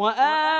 وآل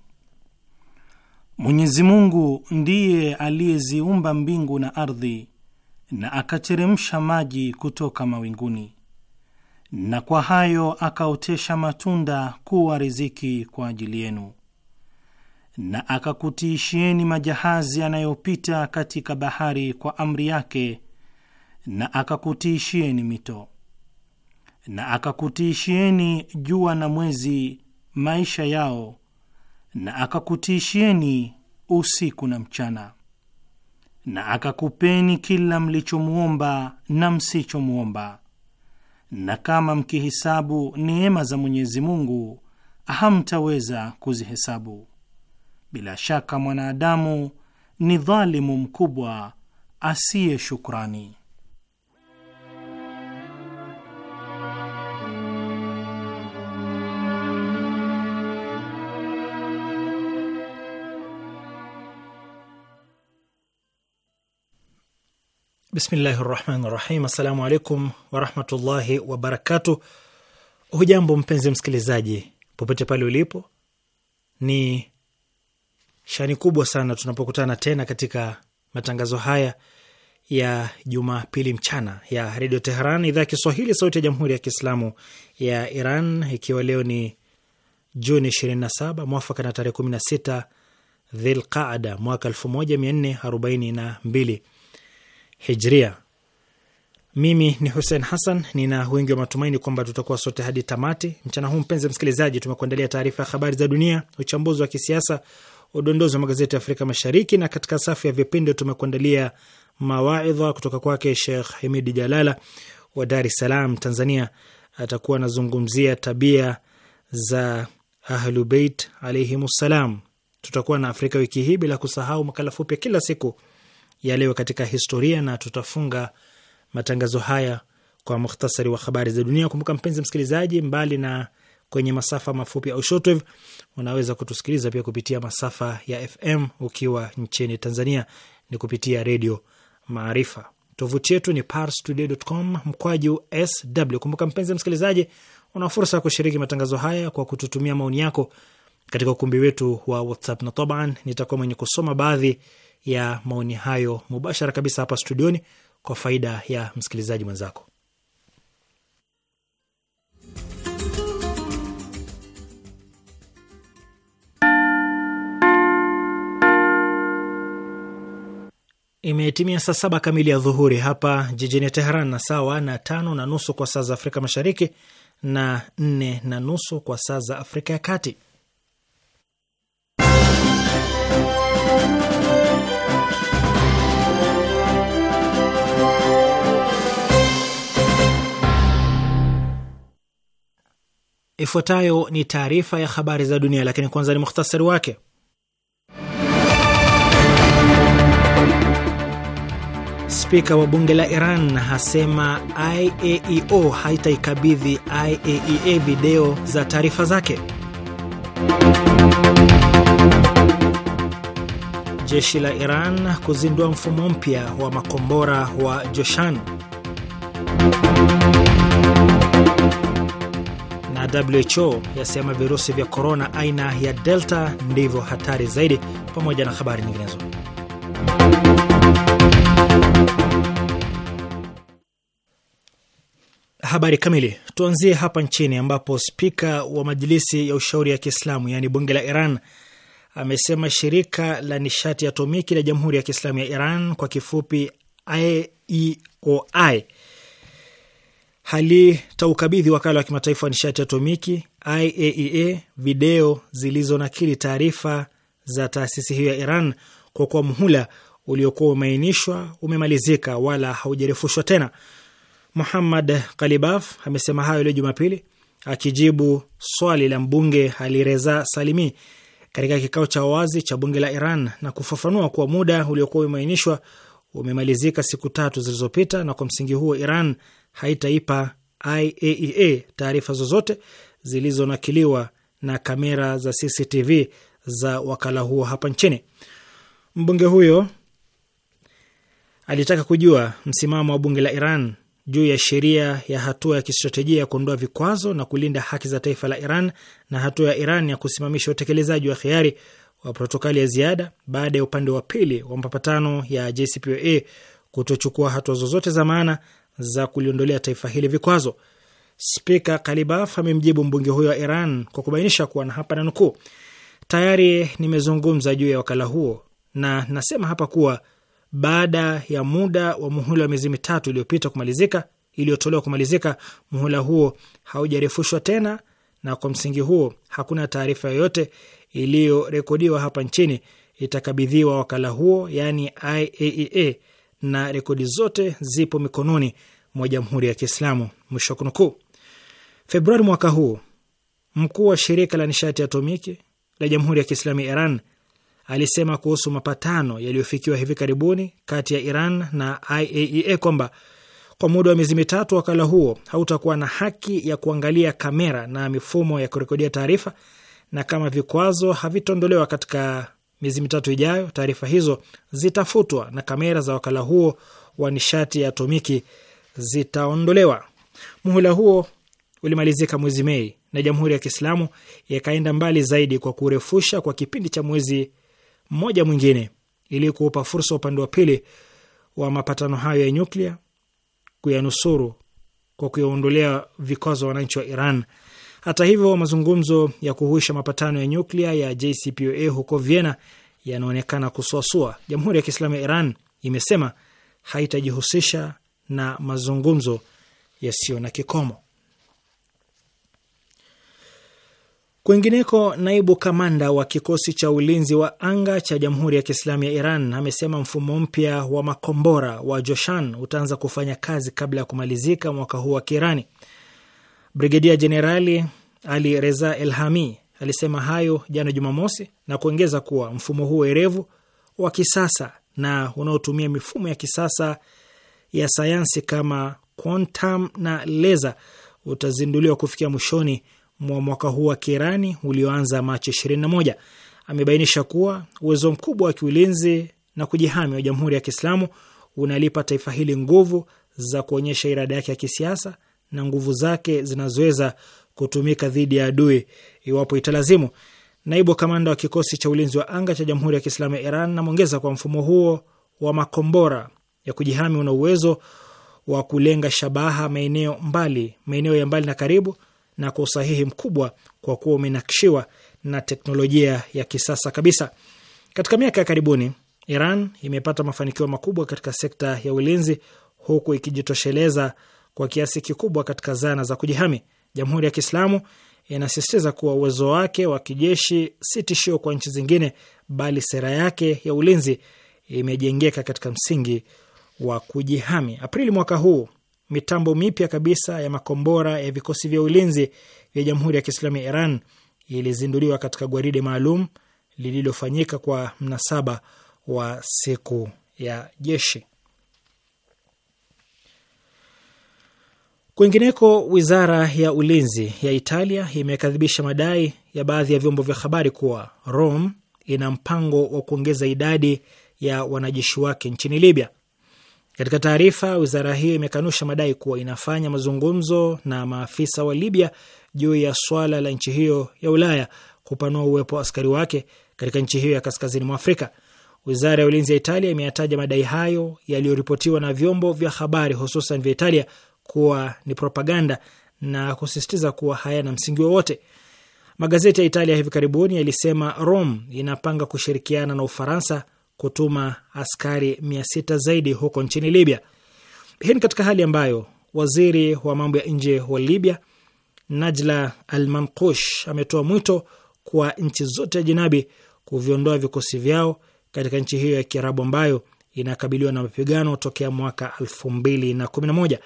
Mwenyezi Mungu ndiye aliyeziumba mbingu na ardhi na akateremsha maji kutoka mawinguni na kwa hayo akaotesha matunda kuwa riziki kwa ajili yenu na akakutiishieni majahazi yanayopita katika bahari kwa amri yake na akakutiishieni mito na akakutiishieni jua na mwezi maisha yao na akakutiishieni usiku na mchana, na akakupeni kila mlichomwomba na msichomwomba, na kama mkihisabu neema za Mwenyezi Mungu hamtaweza kuzihesabu. Bila shaka mwanadamu ni dhalimu mkubwa asiye shukrani. Bismillahi rahmani rahim. Assalamu alaikum warahmatullahi wabarakatu. Hujambo mpenzi msikilizaji, popote pale ulipo, ni shani kubwa sana tunapokutana tena katika matangazo haya ya Jumapili mchana ya redio Teheran, idhaa ya Kiswahili, sauti ya jamhuri ya kiislamu ya Iran, ikiwa leo ni Juni 27 mwafaka na tarehe 16 Dhilqaada mwaka 1442 hijria. Mimi ni Hussein Hassan, nina wingi wa matumaini kwamba tutakuwa sote hadi tamati mchana huu. Mpenzi msikilizaji, tumekuandalia taarifa ya habari za dunia, uchambuzi wa kisiasa, udondozi wa magazeti ya Afrika Mashariki, na katika safu ya vipindi tumekuandalia mawaidha kutoka kwake Shekh Himidi Jalala wa Dar es Salaam, Tanzania. Atakuwa anazungumzia tabia za Ahlubeit alaihim ssalam. Tutakuwa na Afrika wiki hii, bila kusahau makala fupi ya kila siku ya leo katika historia, na tutafunga matangazo haya kwa muhtasari wa habari za dunia. Kumbuka mpenzi msikilizaji, mbali na kwenye masafa mafupi au shortwave, unaweza kutusikiliza pia kupitia masafa ya FM ukiwa nchini Tanzania ni kupitia redio Maarifa. Tovuti yetu ni parstoday.com mkwaju sw. Kumbuka mpenzi msikilizaji, una fursa ya kushiriki matangazo haya kwa kututumia maoni yako katika ukumbi wetu wa WhatsApp na taban, nitakuwa mwenye kusoma baadhi ya maoni hayo mubashara kabisa hapa studioni kwa faida ya msikilizaji mwenzako. Imetimia saa saba kamili ya dhuhuri hapa jijini Teheran, na sawa na tano na nusu kwa saa za Afrika Mashariki na nne na nusu kwa saa za Afrika ya Kati. Ifuatayo ni taarifa ya habari za dunia, lakini kwanza ni muhtasari wake. Spika wa bunge la Iran asema IAEO haitaikabidhi IAEA e video za taarifa zake. Jeshi la Iran kuzindua mfumo mpya wa makombora wa Joshan. WHO yasema virusi vya korona aina ya Delta ndivyo hatari zaidi, pamoja na habari nyinginezo. Habari kamili tuanzie hapa nchini ambapo spika wa majilisi ya ushauri ya Kiislamu yaani bunge la Iran amesema shirika la nishati ya atomiki la Jamhuri ya Kiislamu ya Iran kwa kifupi IEOI halitaukabidhi wakala wa kimataifa wa nishati ya atomiki IAEA e video zilizonakili taarifa za taasisi hiyo ya Iran kwa kuwa mhula uliokuwa umeainishwa umemalizika wala haujarefushwa tena. Muhammad Kalibaf amesema hayo leo Jumapili akijibu swali la mbunge Alireza Salimi katika kikao cha wazi cha bunge la Iran na kufafanua kuwa muda uliokuwa umeainishwa umemalizika siku tatu zilizopita, na kwa msingi huo Iran haitaipa IAEA e taarifa zozote zilizonakiliwa na kamera za CCTV za wakala huo hapa nchini. Mbunge huyo alitaka kujua msimamo wa bunge la Iran juu ya sheria ya hatua ya kistratejia ya kuondoa vikwazo na kulinda haki za taifa la Iran na hatua ya Iran ya kusimamisha utekelezaji wa khiari wa protokali ya ziada baada ya upande wa pili wa mapatano ya JCPOA kutochukua hatua zozote za maana za kuliondolea taifa hili vikwazo. Spika Kalibaf amemjibu mbunge huyo wa Iran kwa kubainisha kuwa na hapa na nukuu, tayari nimezungumza juu ya wakala huo na nasema hapa kuwa baada ya muda wa muhula wa miezi mitatu iliyopita kumalizika iliyotolewa kumalizika, muhula huo haujarefushwa tena, na kwa msingi huo hakuna taarifa yoyote iliyorekodiwa hapa nchini itakabidhiwa wakala huo, yaani IAEA e na rekodi zote zipo mikononi mwa Jamhuri ya Kiislamu. Mwisho kunukuu. Februari mwaka huu mkuu wa shirika la nishati atomiki la Jamhuri ya Kiislamu ya Iran alisema kuhusu mapatano yaliyofikiwa hivi karibuni kati ya Iran na IAEA e kwamba kwa muda wa miezi mitatu wakala huo hautakuwa na haki ya kuangalia kamera na mifumo ya kurekodia taarifa, na kama vikwazo havitaondolewa katika miezi mitatu ijayo, taarifa hizo zitafutwa na kamera za wakala huo wa nishati ya atomiki zitaondolewa. Muhula huo ulimalizika mwezi Mei na Jamhuri ya Kiislamu yakaenda mbali zaidi kwa kurefusha kwa kipindi cha mwezi mmoja mwingine ili kuupa fursa upande wa pili wa mapatano hayo ya nyuklia kuyanusuru kwa kuyaondolea vikwazo wananchi wa Iran hata hivyo, mazungumzo ya kuhuisha mapatano ya nyuklia ya JCPOA huko Vienna yanaonekana kusuasua. Jamhuri ya Kiislamu ya Iran imesema haitajihusisha na mazungumzo yasiyo na kikomo. Kwingineko, naibu kamanda wa kikosi cha ulinzi wa anga cha Jamhuri ya Kiislamu ya Iran amesema mfumo mpya wa makombora wa Joshan utaanza kufanya kazi kabla ya kumalizika mwaka huu wa Kiirani. Brigedia Jenerali Ali Reza Elhami alisema hayo jana Jumamosi na kuongeza kuwa mfumo huo erevu wa kisasa na unaotumia mifumo ya kisasa ya sayansi kama quantum na leza utazinduliwa kufikia mwishoni mwa mwaka huu wa kirani ulioanza Machi 21. Amebainisha kuwa uwezo mkubwa wa kiulinzi na kujihami wa Jamhuri ya Kiislamu unalipa taifa hili nguvu za kuonyesha irada yake ya kisiasa na nguvu zake zinazoweza kutumika dhidi ya adui iwapo italazimu. Naibu kamanda wa kikosi cha ulinzi wa anga cha Jamhuri ya Kiislamu ya Iran namwongeza kwa mfumo huo wa makombora ya kujihami una uwezo wa kulenga shabaha maeneo mbali, maeneo ya mbali na karibu, na kwa usahihi mkubwa kwa kuwa umenakshiwa na teknolojia ya kisasa kabisa. Katika miaka ya karibuni, Iran imepata mafanikio makubwa katika sekta ya ulinzi huku ikijitosheleza kwa kiasi kikubwa katika zana za kujihami. Jamhuri ya Kiislamu inasisitiza kuwa uwezo wake wa kijeshi si tishio kwa nchi zingine, bali sera yake ya ulinzi imejengeka katika msingi wa kujihami. Aprili mwaka huu mitambo mipya kabisa ya makombora ya vikosi vya ulinzi vya Jamhuri ya Kiislamu ya Iran ilizinduliwa katika gwaride maalum lililofanyika kwa mnasaba wa siku ya jeshi. Kwingineko, wizara ya ulinzi ya Italia imekadhibisha madai ya baadhi ya vyombo vya habari kuwa Rome ina mpango wa kuongeza idadi ya wanajeshi wake nchini Libya. Katika taarifa, wizara hiyo imekanusha madai kuwa inafanya mazungumzo na maafisa wa Libya juu ya swala la nchi hiyo ya Ulaya kupanua uwepo wa askari wake katika nchi hiyo ya kaskazini mwa Afrika. Wizara ya ulinzi ya Italia imeyataja madai hayo yaliyoripotiwa na vyombo vya habari hususan vya Italia kuwa ni propaganda na kusisitiza kuwa hayana msingi wowote. Magazeti ya Italia hivi karibuni yalisema Rome inapanga kushirikiana na Ufaransa kutuma askari mia sita zaidi huko nchini Libya. Hii ni katika hali ambayo waziri wa mambo ya nje wa Libya Najla al Mankush ametoa mwito kwa nchi zote ya jinabi kuviondoa vikosi vyao katika nchi hiyo ya Kiarabu ambayo inakabiliwa na mapigano tokea mwaka elfu mbili na kumi na moja.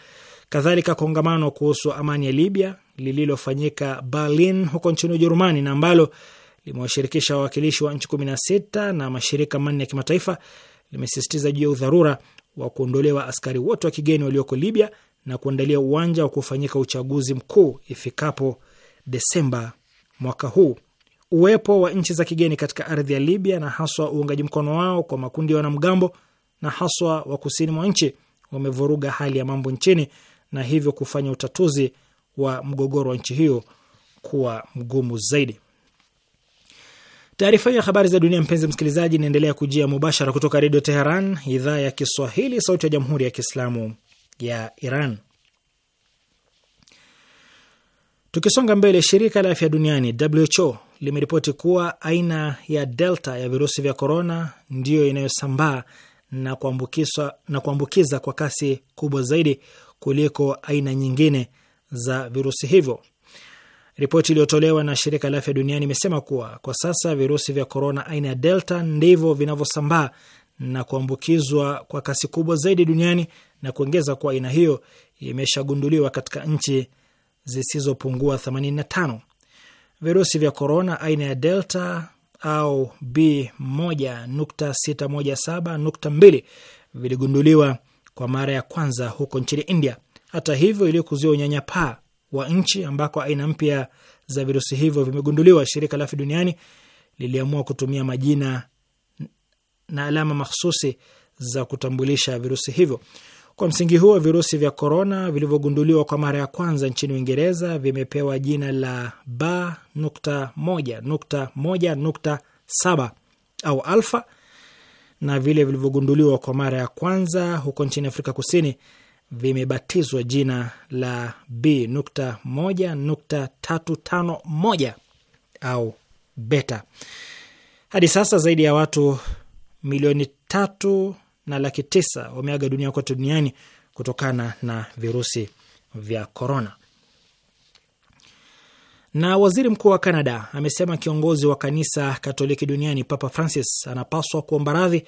Kadhalika, kongamano kuhusu amani ya Libya lililofanyika Berlin huko nchini Ujerumani na ambalo limewashirikisha wawakilishi wa nchi kumi na sita na mashirika manne ya kimataifa limesisitiza juu ya udharura wa kuondolewa askari wote wa kigeni walioko Libya na kuandalia uwanja wa kufanyika uchaguzi mkuu ifikapo Desemba mwaka huu. Uwepo wa nchi za kigeni katika ardhi ya Libya na haswa uungaji mkono wao kwa makundi ya wanamgambo na haswa wa kusini mwa nchi wamevuruga hali ya mambo nchini na hivyo kufanya utatuzi wa mgogoro wa nchi hiyo kuwa mgumu zaidi. Taarifa hiyo ya habari za dunia, mpenzi msikilizaji, inaendelea kujia mubashara kutoka Redio Teheran, idhaa ya Kiswahili, sauti ya Jamhuri ya Kiislamu ya Iran. Tukisonga mbele, shirika la afya duniani WHO limeripoti kuwa aina ya delta ya virusi vya korona ndiyo inayosambaa na kuambukiza kwa kasi kubwa zaidi kuliko aina nyingine za virusi hivyo. Ripoti iliyotolewa na shirika la afya duniani imesema kuwa kwa sasa virusi vya korona aina ya Delta ndivyo vinavyosambaa na kuambukizwa kwa kasi kubwa zaidi duniani na kuongeza kuwa aina hiyo imeshagunduliwa katika nchi zisizopungua 85. Virusi vya korona aina ya Delta au B1.617.2 viligunduliwa kwa mara ya kwanza huko nchini India. Hata hivyo, ili kuzuia unyanyapaa wa nchi ambako aina mpya za virusi hivyo vimegunduliwa, shirika la afya duniani liliamua kutumia majina na alama mahsusi za kutambulisha virusi hivyo. Kwa msingi huo, virusi vya korona vilivyogunduliwa kwa mara ya kwanza nchini Uingereza vimepewa jina la ba nukta moja nukta moja nukta saba au alfa na vile vilivyogunduliwa kwa mara ya kwanza huko nchini Afrika Kusini vimebatizwa jina la moja au beta. Hadi sasa zaidi ya watu milioni tatu na laki tisa wameaga dunia kote duniani kutokana na virusi vya korona. Na waziri mkuu wa canada amesema kiongozi wa kanisa Katoliki duniani Papa Francis anapaswa kuomba radhi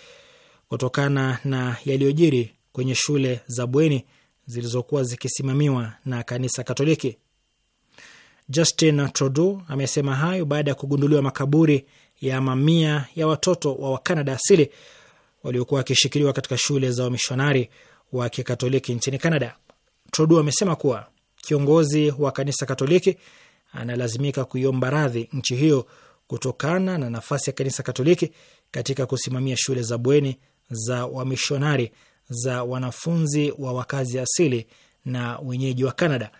kutokana na yaliyojiri kwenye shule za bweni zilizokuwa zikisimamiwa na kanisa Katoliki. Justin Trudeau amesema hayo baada ya kugunduliwa makaburi ya mamia ya watoto wa Wakanada asili waliokuwa wakishikiliwa katika shule za wamishonari wa Kikatoliki nchini canada Trudeau amesema kuwa kiongozi wa kanisa Katoliki analazimika kuiomba radhi nchi hiyo kutokana na nafasi ya kanisa Katoliki katika kusimamia shule za bweni za wamishonari za wanafunzi wa wakazi asili na wenyeji wa canada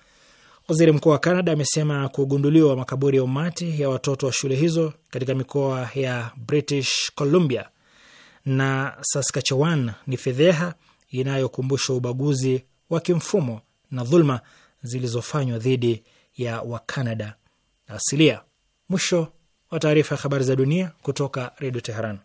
Waziri mkuu wa canada amesema kugunduliwa makaburi ya umati ya watoto wa shule hizo katika mikoa ya British Columbia na Saskatchewan ni fedheha inayokumbusha ubaguzi wa kimfumo na dhulma zilizofanywa dhidi ya Wakanada asilia. Mwisho wa taarifa ya habari za dunia kutoka Redio Teheran.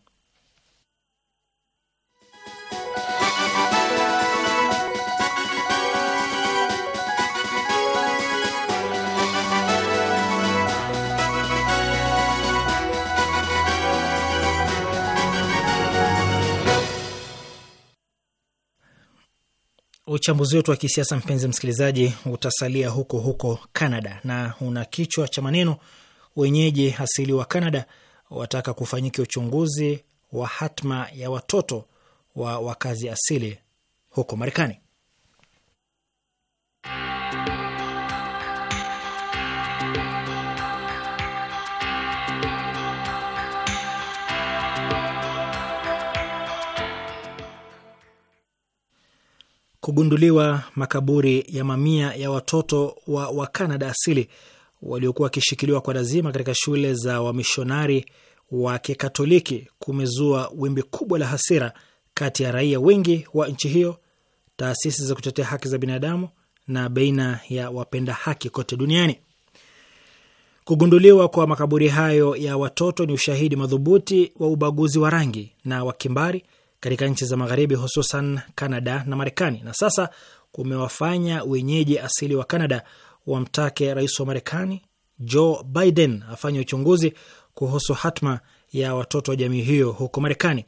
Uchambuzi wetu wa kisiasa, mpenzi msikilizaji, utasalia huko huko Canada na una kichwa cha maneno wenyeji asili wa Canada wataka kufanyika uchunguzi wa hatma ya watoto wa wakazi asili huko Marekani. kugunduliwa makaburi ya mamia ya watoto wa Wakanada asili waliokuwa wakishikiliwa kwa lazima katika shule za wamishonari wa Kikatoliki kumezua wimbi kubwa la hasira kati ya raia wengi wa nchi hiyo, taasisi za kutetea haki za binadamu na baina ya wapenda haki kote duniani. Kugunduliwa kwa makaburi hayo ya watoto ni ushahidi madhubuti wa ubaguzi wa rangi na wakimbari katika nchi za magharibi hususan Canada na Marekani, na sasa kumewafanya wenyeji asili wa Canada wamtake rais wa Marekani Joe Biden afanye uchunguzi kuhusu hatma ya watoto wa jamii hiyo huko Marekani.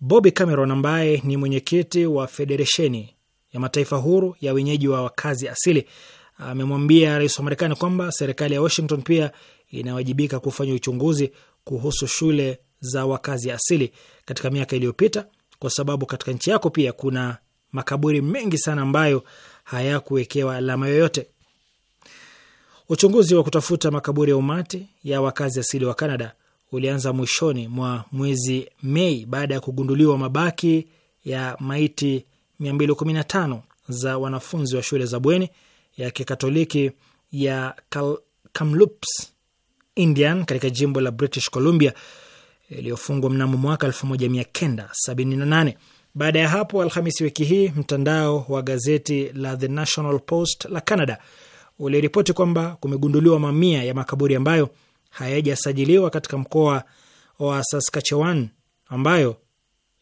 Bobby Cameron ambaye ni mwenyekiti wa federesheni ya mataifa huru ya wenyeji wa wakazi asili amemwambia rais wa Marekani kwamba serikali ya Washington pia inawajibika kufanya uchunguzi kuhusu shule za wakazi asili katika miaka iliyopita, kwa sababu katika nchi yako pia kuna makaburi mengi sana ambayo hayakuwekewa alama yoyote. Uchunguzi wa kutafuta makaburi ya umati ya wakazi asili wa Kanada ulianza mwishoni mwa mwezi Mei baada ya kugunduliwa mabaki ya maiti 215 za wanafunzi wa shule za bweni ya Kikatoliki ya Kamloops Indian katika jimbo la British Columbia iliyofungwa mnamo mwaka 1978. Baada ya hapo, Alhamisi wiki hii, mtandao wa gazeti la The National Post la Canada uliripoti kwamba kumegunduliwa mamia ya makaburi ambayo hayajasajiliwa katika mkoa wa Saskatchewan, ambayo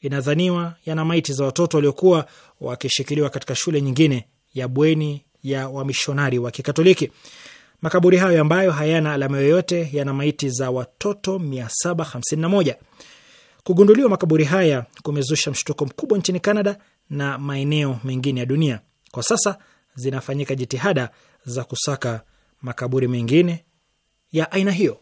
inadhaniwa yana maiti za watoto waliokuwa wakishikiliwa katika shule nyingine ya bweni ya wamishonari wa Kikatoliki. Makaburi hayo ambayo hayana alama yoyote yana maiti za watoto 751. Kugunduliwa makaburi haya kumezusha mshtuko mkubwa nchini Canada na maeneo mengine ya dunia. Kwa sasa zinafanyika jitihada za kusaka makaburi mengine ya aina hiyo.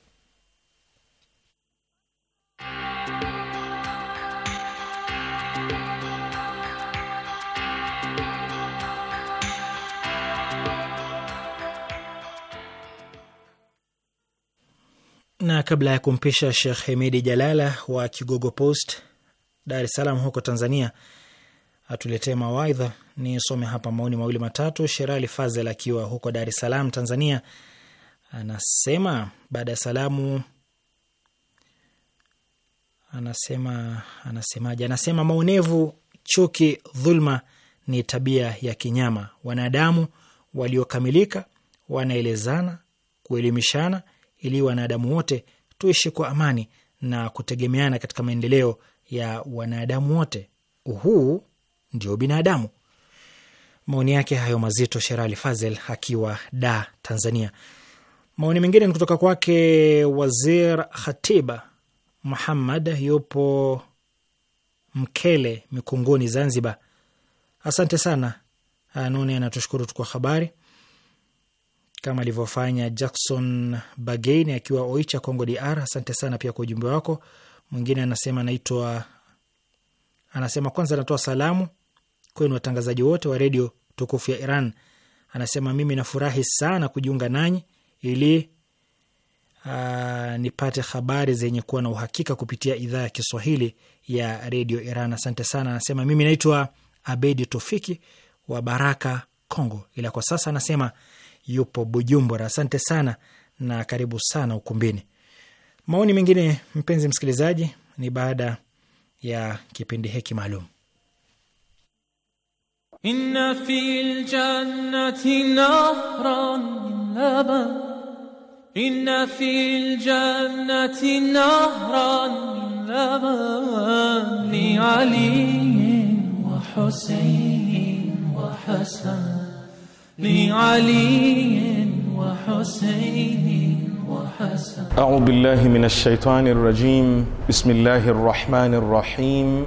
Na kabla ya kumpisha Shekh Hemedi Jalala wa Kigogo Post, Dar es Salaam huko Tanzania, atuletee mawaidha, nisome hapa maoni mawili matatu. Sherali Fazel akiwa huko Dar es Salaam, Tanzania, anasema baada ya salamu anasema anasemaje? Anasema maonevu, chuki, dhulma ni tabia ya kinyama. Wanadamu waliokamilika wanaelezana, kuelimishana ili wanadamu wote tuishi kwa amani na kutegemeana katika maendeleo ya wanadamu wote. Huu ndio binadamu. Maoni yake hayo mazito, Sherali Fazel akiwa Da, Tanzania. Maoni mengine ni kutoka kwake Wazir Khatiba Muhammad, yupo Mkele Mikunguni, Zanzibar. Asante sana, Anoni anatushukuru tu kwa habari kama alivyofanya Jackson Bageni akiwa Oicha, Congo DR. Asante sana pia kwa ujumbe wako. Mwingine anasema anaitwa, anasema kwanza anatoa salamu kwenu watangazaji wote wa redio tukufu ya Iran. Anasema mimi nafurahi sana kujiunga nanyi ili aa, ah, nipate habari zenye kuwa na uhakika kupitia idhaa ya Kiswahili ya redio Iran. Asante sana. Anasema mimi naitwa Abedi Tofiki wa Baraka, Congo, ila kwa sasa anasema yupo Bujumbura. Asante sana na karibu sana ukumbini. Maoni mengine, mpenzi msikilizaji, ni baada ya kipindi hiki maalum. Inna fil jannati nahran min laban, inna fil jannati nahran min laban li wa husayn wa hasan لعلي وحسين وحسن أعوذ بالله من الشيطان الرجيم بسم الله الرحمن الرحيم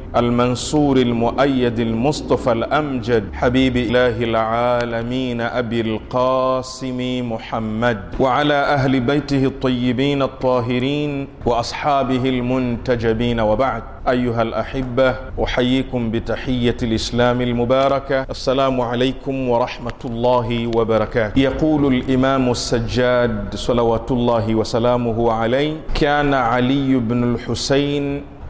المنصور المؤيد المصطفى الأمجد حبيب إله العالمين أبي القاسم محمد وعلى أهل بيته الطيبين الطاهرين وأصحابه المنتجبين وبعد أيها الأحبة أحييكم بتحية الإسلام المباركة السلام عليكم ورحمة الله وبركاته يقول الإمام السجاد صلوات الله وسلامه عليه كان علي بن الحسين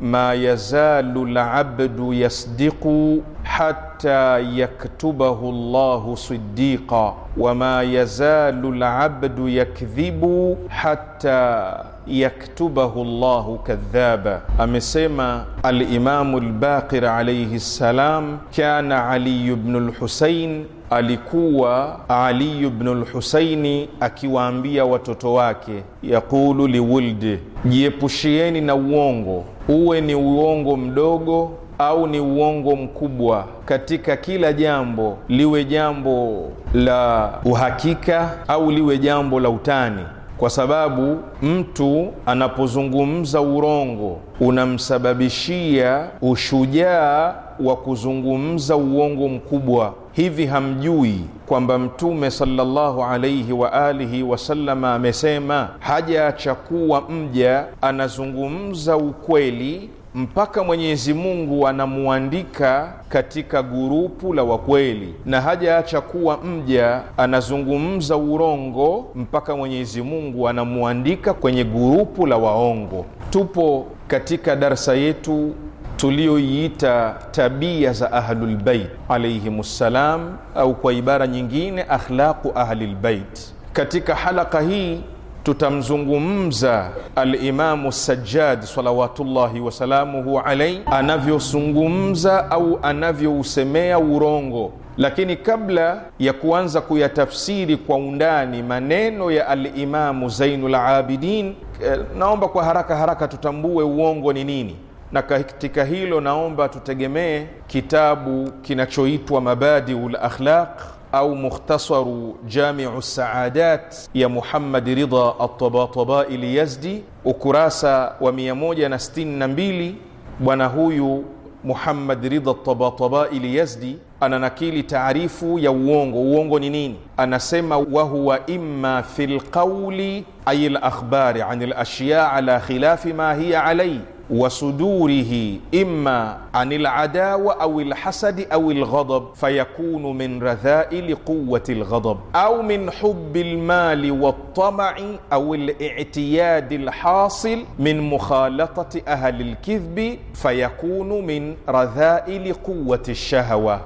ma yazalu labdu yasdiqu hatta yaktubahu llahu sidiqa wama yazalu labdu yakdhibu hatta yaktubahu llahu kadhaba, amesema Alimamu Lbaqir alaihi ssalam, kana Aliyu bnu Lhusain Alikuwa Aliyu bnu lhusaini akiwaambia watoto wake, yaqulu liwuldi, jiepushieni na uongo uwe ni uongo mdogo au ni uongo mkubwa, katika kila jambo, liwe jambo la uhakika au liwe jambo la utani, kwa sababu mtu anapozungumza urongo unamsababishia ushujaa wa kuzungumza uongo mkubwa hivi hamjui kwamba Mtume sallallahu alaihi wa alihi wasallama amesema, ya chakuwa mja anazungumza ukweli mpaka Mwenyezi Mungu anamuandika katika gurupu la wakweli, na hajaacha kuwa mja anazungumza urongo mpaka Mwenyezi Mungu anamuandika kwenye gurupu la waongo. Tupo katika darsa yetu tuliyoiita tabia za Ahlulbeit alaihim ssalam, au kwa ibara nyingine akhlaqu Ahlilbeit. Katika halaka hii tutamzungumza Alimamu Sajjad salawatullahi wasalamuhu alaihi anavyozungumza au anavyousemea urongo lakini kabla ya kuanza kuyatafsiri kwa undani maneno ya Alimamu Zainul Abidin, eh, naomba kwa haraka haraka tutambue uongo ni nini na katika hilo naomba tutegemee kitabu kinachoitwa Mabadiul Akhlaq au Mukhtasaru Jamiu Saadat ya Muhammad Ridha Atabatabai Yazdi, ukurasa wa 162. Bwana huyu Muhammad Ridha Tabatabai Yazdi ananakili taarifu ya uongo. Uongo ni nini? Anasema wahuwa imma fi lqauli ay lakhbari an lashyaa ala khilafi ma hiya alaihi وصدوره إما عن العداوة أو الحسد أو الغضب فيكون من رذائل قوة الغضب أو من حب المال والطمع أو الاعتياد الحاصل من مخالطة أهل الكذب فيكون من رذائل قوة الشهوة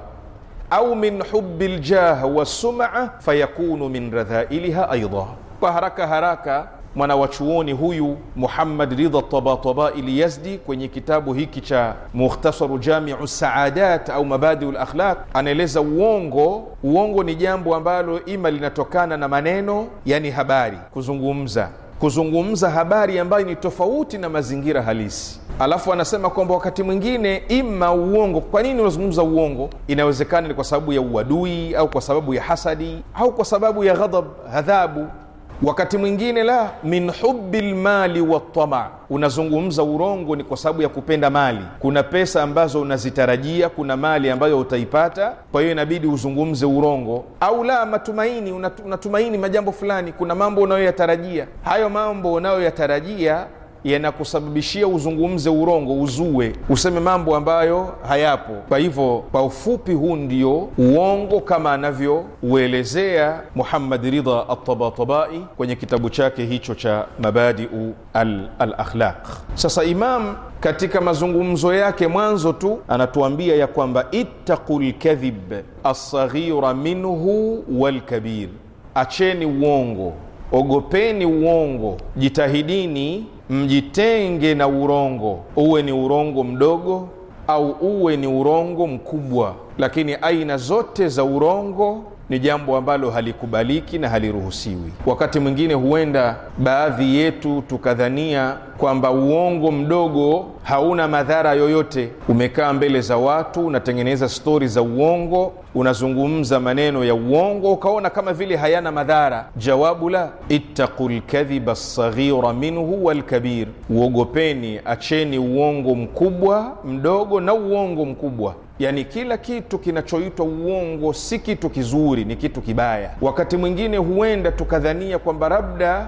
أو من حب الجاه والسمعة فيكون من رذائلها أيضا kwa haraka mwanawachuoni huyu Muhammad Ridha Tabatabai Yazdi kwenye kitabu hiki cha Mukhtasaru Jamiu Saadat au Mabadiu Lakhlaq anaeleza uongo. Uongo ni jambo ambalo ima linatokana na maneno, yani habari, kuzungumza kuzungumza habari ambayo ni tofauti na mazingira halisi. Alafu anasema kwamba wakati mwingine ima uongo. Kwa nini unazungumza uongo? Inawezekana ni kwa sababu ya uadui au kwa sababu ya hasadi au kwa sababu ya ghadhab, hadhabu wakati mwingine la min hubi lmali watama, unazungumza urongo ni kwa sababu ya kupenda mali. Kuna pesa ambazo unazitarajia, kuna mali ambayo utaipata, kwa hiyo inabidi uzungumze urongo. Au la matumaini, unatumaini majambo fulani, kuna mambo unayoyatarajia. Hayo mambo unayoyatarajia yanakusababishia uzungumze urongo, uzue, useme mambo ambayo hayapo. Kwa hivyo, kwa ufupi, huu ndio uongo kama anavyouelezea Muhammad Ridha Altabatabai kwenye kitabu chake hicho cha Mabadiu Alakhlaq al sasa Imam katika mazungumzo yake mwanzo tu anatuambia ya kwamba ittaqu lkadhib alsaghira minhu walkabir, acheni uongo, ogopeni uongo, jitahidini mjitenge na urongo, uwe ni urongo mdogo au uwe ni urongo mkubwa, lakini aina zote za urongo ni jambo ambalo halikubaliki na haliruhusiwi. Wakati mwingine, huenda baadhi yetu tukadhania kwamba uongo mdogo hauna madhara yoyote. Umekaa mbele za watu, unatengeneza stori za uongo, unazungumza maneno ya uongo, ukaona kama vile hayana madhara. Jawabu la ittaqu lkadhiba lsaghira minhu walkabir, uogopeni, acheni uongo mkubwa, mdogo na uongo mkubwa. Yani, kila kitu kinachoitwa uongo si kitu kizuri, ni kitu kibaya. Wakati mwingine huenda tukadhania kwamba labda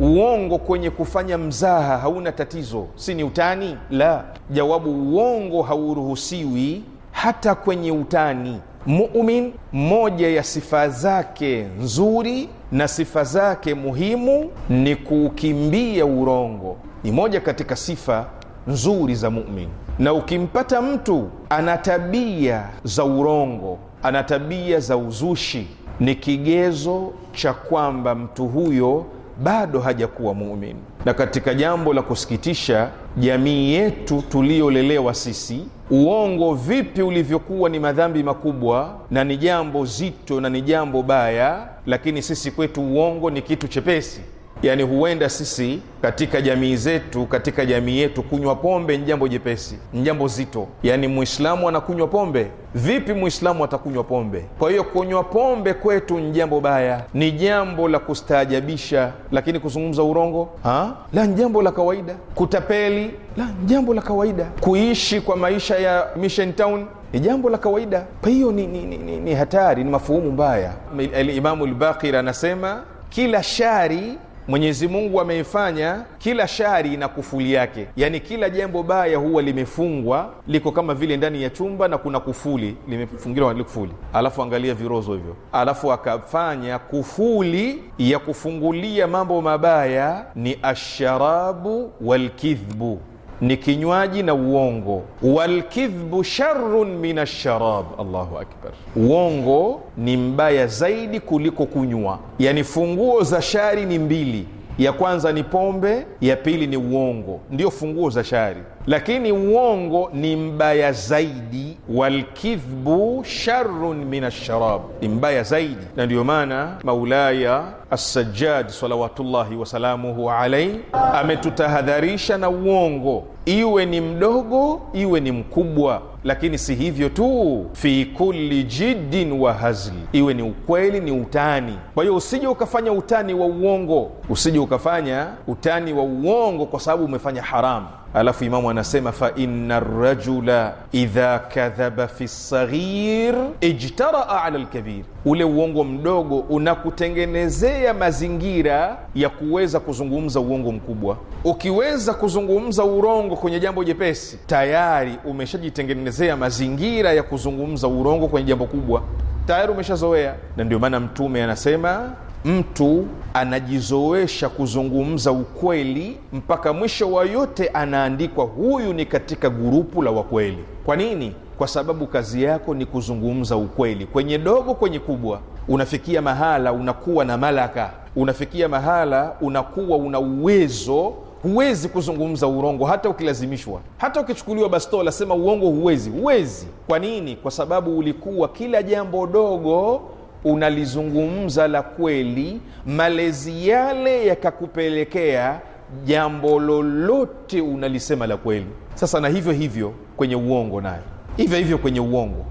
uongo kwenye kufanya mzaha hauna tatizo, si ni utani? La, jawabu uongo hauruhusiwi hata kwenye utani. Mumin, moja ya sifa zake nzuri na sifa zake muhimu ni kuukimbia urongo, ni moja katika sifa nzuri za mumin. Na ukimpata mtu ana tabia za urongo, ana tabia za uzushi, ni kigezo cha kwamba mtu huyo bado hajakuwa muumini. Na katika jambo la kusikitisha, jamii yetu tuliyolelewa sisi, uongo vipi ulivyokuwa ni madhambi makubwa na ni jambo zito na ni jambo baya, lakini sisi kwetu uongo ni kitu chepesi yani huenda sisi katika jamii zetu katika jamii yetu kunywa pombe ni jambo jepesi ni jambo zito yani mwislamu anakunywa pombe vipi mwislamu atakunywa pombe kwa hiyo kunywa pombe kwetu ni jambo baya ni jambo la kustaajabisha lakini kuzungumza urongo ha? la ni jambo la kawaida kutapeli la ni jambo la kawaida kuishi kwa maisha ya mission town ni jambo la kawaida kwa hiyo ni, ni, ni, ni, ni hatari ni mafuhumu mbaya alimamu lbakir anasema kila shari Mwenyezi Mungu ameifanya kila shari na kufuli yake, yaani kila jambo baya huwa limefungwa, liko kama vile ndani ya chumba na kuna kufuli limefungiwa na kufuli, alafu angalia virozo hivyo, alafu akafanya kufuli ya kufungulia mambo mabaya ni asharabu walkidhbu ni kinywaji na uongo. Walkidhbu sharun min alsharab, Allahu akbar. Uongo ni mbaya zaidi kuliko kunywa, yani funguo za shari ni mbili ya kwanza ni pombe, ya pili ni uongo, ndiyo funguo za shari. Lakini uongo ni mbaya zaidi, walkidhbu sharun min alsharab, ni mbaya zaidi. Na ndiyo maana Maulaya Assajjad salawatullahi wasalamuhu alaihi ametutahadharisha na uongo, iwe ni mdogo, iwe ni mkubwa. Lakini si hivyo tu, fi kulli jiddin wa hazli, iwe ni ukweli, ni utani. Kwa hiyo usije ukafanya utani wa uongo, usije ukafanya utani wa uongo kwa sababu umefanya haramu alafu imamu anasema fa inna rajula idha kadhaba fi lsaghir ijtaraa ala lkabir, ule uongo mdogo unakutengenezea mazingira ya kuweza kuzungumza uongo mkubwa. Ukiweza kuzungumza urongo kwenye jambo jepesi, tayari umeshajitengenezea mazingira ya kuzungumza urongo kwenye jambo kubwa, tayari umeshazoea. Na ndio maana Mtume anasema mtu anajizoesha kuzungumza ukweli mpaka mwisho wa yote anaandikwa huyu ni katika gurupu la wakweli. Kwa nini? Kwa sababu kazi yako ni kuzungumza ukweli, kwenye dogo, kwenye kubwa. Unafikia mahala unakuwa na malaka, unafikia mahala unakuwa una uwezo huwezi kuzungumza urongo hata ukilazimishwa, hata ukichukuliwa bastola, sema uongo, huwezi, huwezi. Kwa nini? Kwa sababu ulikuwa kila jambo dogo unalizungumza la kweli, malezi yale yakakupelekea jambo lolote unalisema la kweli. Sasa na hivyo hivyo kwenye uongo, nayo hivyo hivyo kwenye uongo,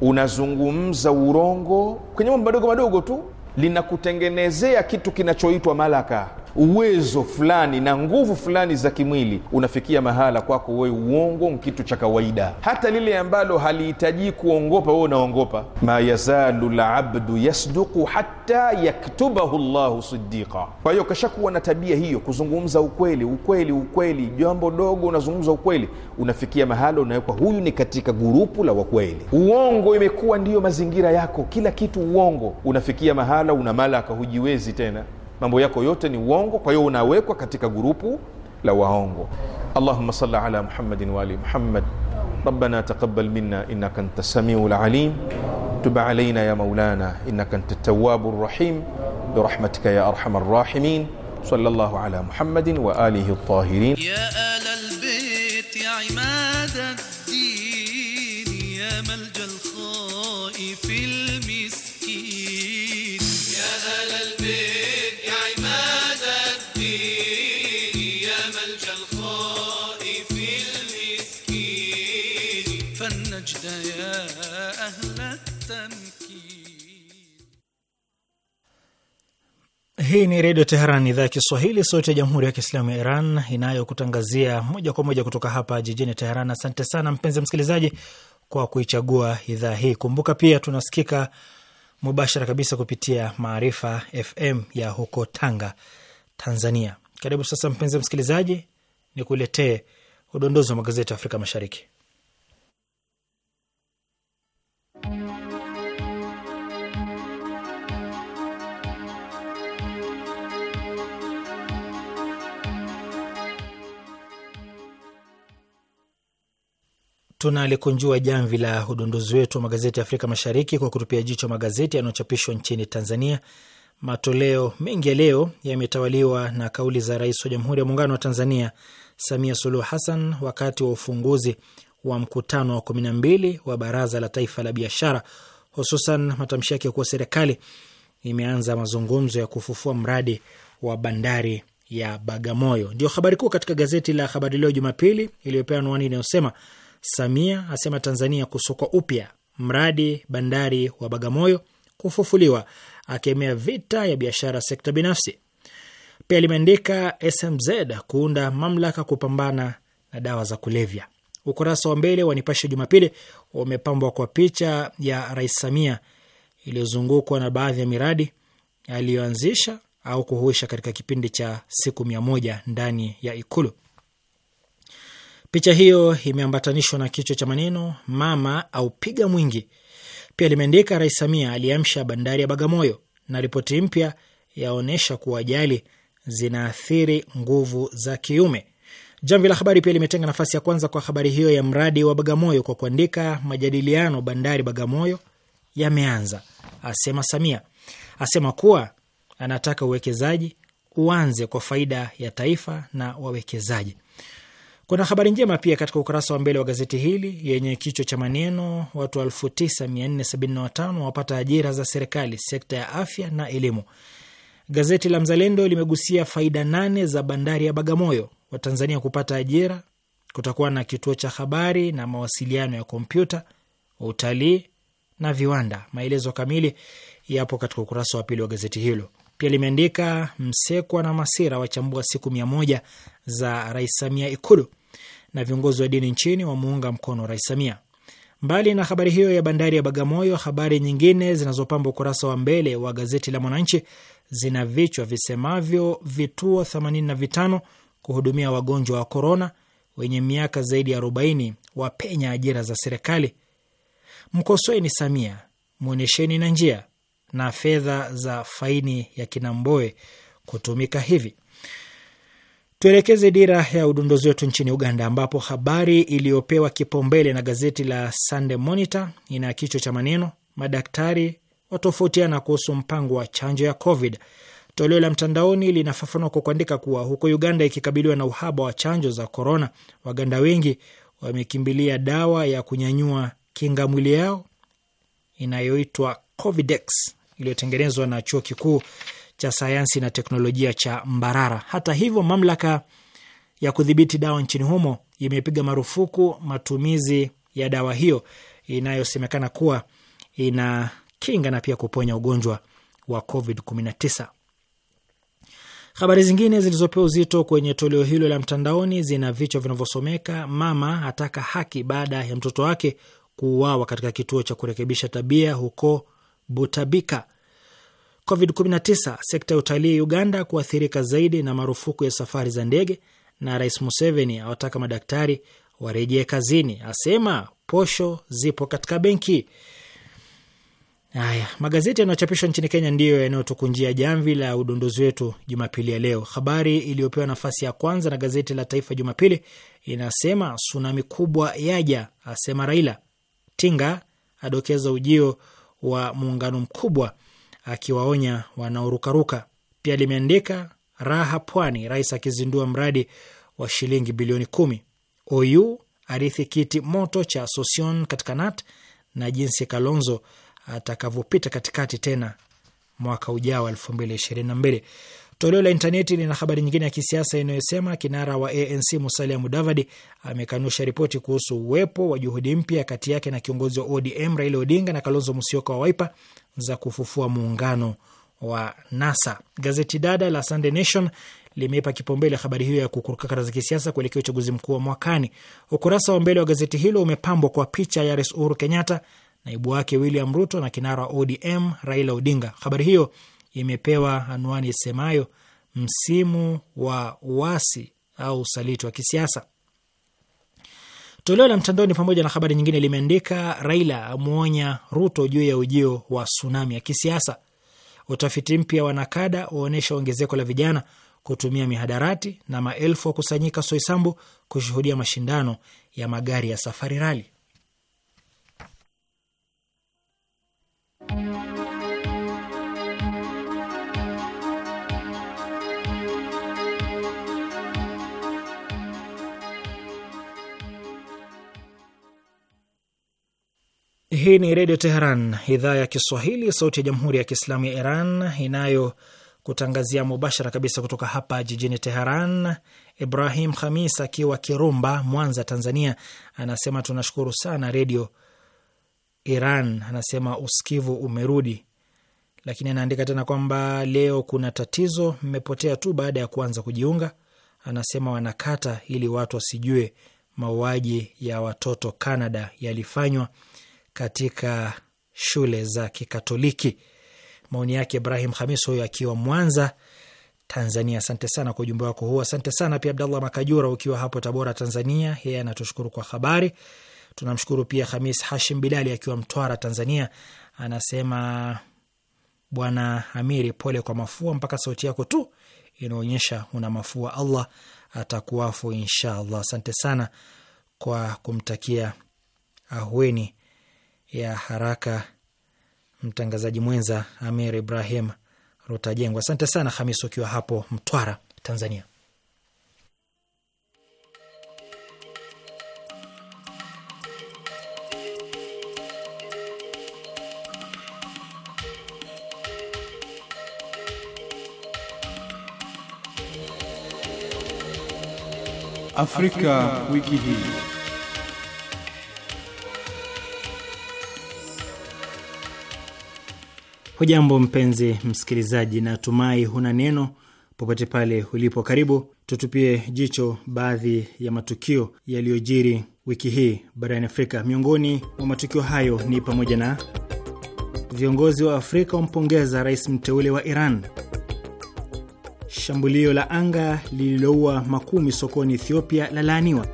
unazungumza urongo kwenye mambo madogo madogo tu, linakutengenezea kitu kinachoitwa malaka uwezo fulani na nguvu fulani za kimwili, unafikia mahala kwako wewe uongo ni kitu cha kawaida, hata lile ambalo halihitajii kuongopa wewe unaongopa. ma yazalu labdu yasduqu hata yaktubahu llahu sidiqa. Kwa hiyo kashakuwa na tabia hiyo, kuzungumza ukweli, ukweli, ukweli, jambo dogo unazungumza ukweli, unafikia mahala unawekwa huyu ni katika gurupu la wakweli. Uongo imekuwa ndiyo mazingira yako, kila kitu uongo. Unafikia mahala una malaka, hujiwezi tena mambo yako yote ni uongo kwa hiyo unawekwa katika gurupu la waongo allahuma sali ala muhammadin waali muhammad ربنا تقبل منا انك انت السميع العليم تب علينا يا مولانا انك انت التواب الرحيم برحمتك يا ارحم الراحمين صلى الله على محمد واله الطاهرين يا ال البيت يا عماد الدين يا ملجا Hii ni Redio Teheran, idhaa ya Kiswahili, sauti ya Jamhuri ya Kiislamu ya Iran inayokutangazia moja kwa moja kutoka hapa jijini Teheran. Asante sana mpenzi msikilizaji kwa kuichagua idhaa hii. Kumbuka pia tunasikika mubashara kabisa kupitia Maarifa FM ya huko Tanga, Tanzania. Karibu sasa, mpenzi msikilizaji, ni kuletee udondozi wa magazeti ya Afrika Mashariki. tunalikunjua jamvi la udunduzi wetu wa magazeti ya Afrika Mashariki kwa kutupia jicho magazeti yanayochapishwa nchini Tanzania. Matoleo mengi ya leo yametawaliwa na kauli za Rais wa Jamhuri ya Muungano wa Tanzania Samia Suluhu Hassan wakati wa ufunguzi wa mkutano wa kumi na mbili wa Baraza la Taifa la Biashara, hususan matamshi yake kuwa serikali imeanza mazungumzo ya kufufua mradi wa bandari ya Bagamoyo. Ndio habari kuu katika gazeti la Habari Leo Jumapili iliyopewa anwani inayosema Samia asema Tanzania kusokwa upya, mradi bandari wa Bagamoyo kufufuliwa, akemea vita ya biashara sekta binafsi. Pia limeandika SMZ kuunda mamlaka kupambana na dawa za kulevya. Ukurasa wa mbele wa Nipashe Jumapili umepambwa kwa picha ya Rais Samia iliyozungukwa na baadhi ya miradi aliyoanzisha au kuhuisha katika kipindi cha siku mia moja ndani ya Ikulu. Picha hiyo imeambatanishwa na kichwa cha maneno mama au piga mwingi. Pia limeandika Rais Samia aliamsha bandari ya Bagamoyo, na ripoti mpya yaonyesha kuwa ajali zinaathiri nguvu za kiume. Jamvi la Habari pia limetenga nafasi ya kwanza kwa habari hiyo ya mradi wa Bagamoyo kwa kuandika majadiliano bandari Bagamoyo yameanza, asema Samia. Asema kuwa anataka uwekezaji uanze kwa faida ya taifa na wawekezaji. Kuna habari njema pia katika ukurasa wa mbele wa gazeti hili yenye kichwa cha maneno watu 9475 wapata ajira za serikali sekta ya afya na elimu. Gazeti la Mzalendo limegusia faida nane za bandari ya Bagamoyo, Watanzania kupata ajira, kutakuwa na kituo cha habari na mawasiliano ya kompyuta, utalii na viwanda. Maelezo kamili yapo katika ukurasa wa pili wa gazeti hilo. Pia limeandika Msekwa na Masira wachambua siku mia moja za Rais Samia Ikulu na viongozi wa dini nchini wamuunga mkono Rais Samia. Mbali na habari hiyo ya bandari ya Bagamoyo, habari nyingine zinazopamba ukurasa wa mbele wa gazeti la Mwananchi zina vichwa visemavyo: vituo 85 kuhudumia wagonjwa wa korona wenye miaka zaidi ya 40 wapenya ajira za serikali, mkosoeni Samia, mwonyesheni na njia, na fedha za faini ya Kinamboe kutumika hivi. Tuelekeze dira ya udondozi wetu nchini Uganda, ambapo habari iliyopewa kipaumbele na gazeti la Sunday Monitor ina kichwa cha maneno madaktari watofautiana kuhusu mpango wa chanjo ya Covid. Toleo la mtandaoni linafafanua kwa kuandika kuwa huko Uganda ikikabiliwa na uhaba wa chanjo za korona, Waganda wengi wamekimbilia dawa ya kunyanyua kinga mwili yao inayoitwa Covidex iliyotengenezwa na chuo kikuu cha sayansi na teknolojia cha Mbarara. Hata hivyo, mamlaka ya kudhibiti dawa nchini humo imepiga marufuku matumizi ya dawa hiyo inayosemekana kuwa ina kinga na pia kuponya ugonjwa wa COVID-19. Habari zingine zilizopewa uzito kwenye toleo hilo la mtandaoni zina vichwa vinavyosomeka: mama ataka haki baada ya mtoto wake kuuawa katika kituo cha kurekebisha tabia huko Butabika; COVID-19, sekta ya utalii Uganda kuathirika zaidi na marufuku ya safari za ndege, na Rais Museveni awataka madaktari warejee kazini, asema posho zipo katika benki. Haya, magazeti yanayochapishwa nchini Kenya ndiyo yanayotukunjia jamvi la udondozi wetu Jumapili ya leo. Habari iliyopewa nafasi ya kwanza na gazeti la Taifa Jumapili inasema tsunami kubwa yaja, asema Raila. Tinga adokeza ujio wa muungano mkubwa akiwaonya wanaorukaruka. Pia limeandika raha pwani, rais akizindua mradi wa shilingi bilioni kumi. OU arithi kiti moto cha Sosion katika NAT na jinsi Kalonzo atakavyopita katikati tena mwaka ujao elfu mbili ishirini na mbili. Toleo la intaneti lina habari nyingine ya kisiasa inayosema kinara wa ANC Musalia Mudavadi amekanusha ripoti kuhusu uwepo wa juhudi mpya kati yake na kiongozi wa ODM Raila Odinga na Kalonzo Musyoka wa Waipa za kufufua muungano wa NASA. Gazeti dada la Sunday Nation limeipa kipaumbele habari hiyo ya kata za kisiasa kuelekea uchaguzi mkuu wa mwakani. Ukurasa wa mbele wa gazeti hilo umepambwa kwa picha ya Rais Uhuru Kenyatta, naibu wake William Ruto na kinara wa ODM Raila Odinga. Habari hiyo imepewa anwani isemayo msimu wa uasi au usaliti wa kisiasa. Toleo la mtandaoni pamoja na habari nyingine limeandika Raila amwonya Ruto juu ya ujio wa tsunami ya kisiasa. Utafiti mpya wa Nakada waonyesha ongezeko la vijana kutumia mihadarati na maelfu wa kusanyika Soisambu kushuhudia mashindano ya magari ya safari rali. Hii ni Redio Teheran, idhaa ya Kiswahili, sauti ya Jamhuri ya Kiislamu ya Iran inayokutangazia mubashara kabisa kutoka hapa jijini Teheran. Ibrahim Khamis akiwa Kirumba, Mwanza, Tanzania, anasema tunashukuru sana Redio Iran, anasema usikivu umerudi, lakini anaandika tena kwamba leo kuna tatizo, mmepotea tu baada ya kuanza kujiunga. Anasema wanakata ili watu wasijue mauaji ya watoto canada yalifanywa katika shule za Kikatoliki. Maoni yake Ibrahim Hamis, huyo akiwa Mwanza, Tanzania. Asante sana kwa ujumbe wako huo. Asante sana pia Abdallah Makajura, ukiwa hapo Tabora, Tanzania. Yeye anatushukuru kwa habari. Tunamshukuru pia Hamis Hashim Bilali akiwa Mtwara, Tanzania, anasema Bwana Amiri, pole kwa mafua, mpaka sauti yako tu inaonyesha una mafua. Allah atakuafu inshallah. Asante sana kwa kumtakia ahueni ya haraka mtangazaji mwenza Amir Ibrahim Rutajengwa. Asante sana Hamis, ukiwa hapo Mtwara, Tanzania. Afrika, Afrika wiki hii. Hujambo mpenzi msikilizaji, natumai huna neno popote pale ulipo. Karibu tutupie jicho baadhi ya matukio yaliyojiri wiki hii barani Afrika. Miongoni mwa matukio hayo ni pamoja na viongozi wa Afrika wampongeza rais mteule wa Iran, shambulio la anga lililoua makumi sokoni Ethiopia lalaaniwa,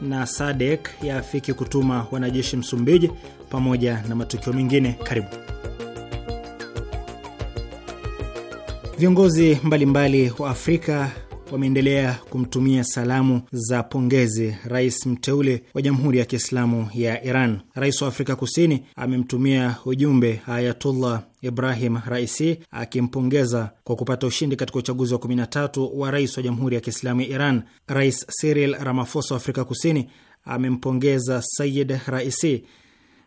na SADC yaafiki kutuma wanajeshi Msumbiji, pamoja na matukio mengine. Karibu. Viongozi mbalimbali wa Afrika wameendelea kumtumia salamu za pongezi rais mteule wa Jamhuri ya Kiislamu ya Iran. Rais wa Afrika Kusini amemtumia ujumbe Ayatullah Ibrahim Raisi akimpongeza kwa kupata ushindi katika uchaguzi wa 13 wa rais wa Jamhuri ya Kiislamu ya Iran. Rais Cyril Ramaphosa wa Afrika Kusini amempongeza Sayid Raisi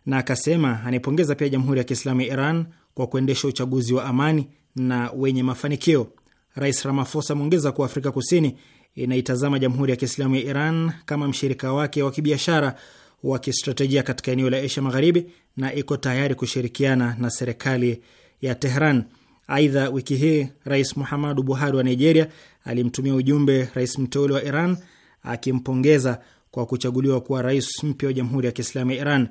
na akasema anaipongeza pia Jamhuri ya Kiislamu ya Iran kwa kuendesha uchaguzi wa amani na wenye mafanikio. Rais Ramaphosa ameongeza kuwa Afrika Kusini inaitazama Jamhuri ya Kiislamu ya Iran kama mshirika wake wa kibiashara wa kistratejia katika eneo la Asia Magharibi na iko tayari kushirikiana na serikali ya Tehran. Aidha, wiki hii Rais Muhammadu Buhari wa Nigeria alimtumia ujumbe rais mteule wa Iran akimpongeza kwa kuchaguliwa kuwa rais mpya wa Jamhuri ya Kiislamu ya Iran.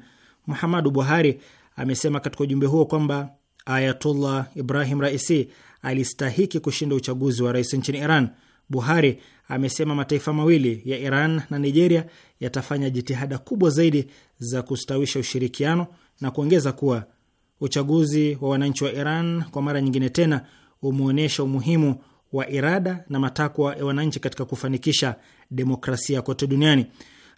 Muhammadu Buhari amesema katika ujumbe huo kwamba Ayatullah Ibrahim Raisi alistahiki kushinda uchaguzi wa rais nchini Iran. Buhari amesema mataifa mawili ya Iran na Nigeria yatafanya jitihada kubwa zaidi za kustawisha ushirikiano na kuongeza kuwa uchaguzi wa wananchi wa Iran kwa mara nyingine tena umeonyesha umuhimu wa irada na matakwa ya wananchi katika kufanikisha demokrasia kote duniani.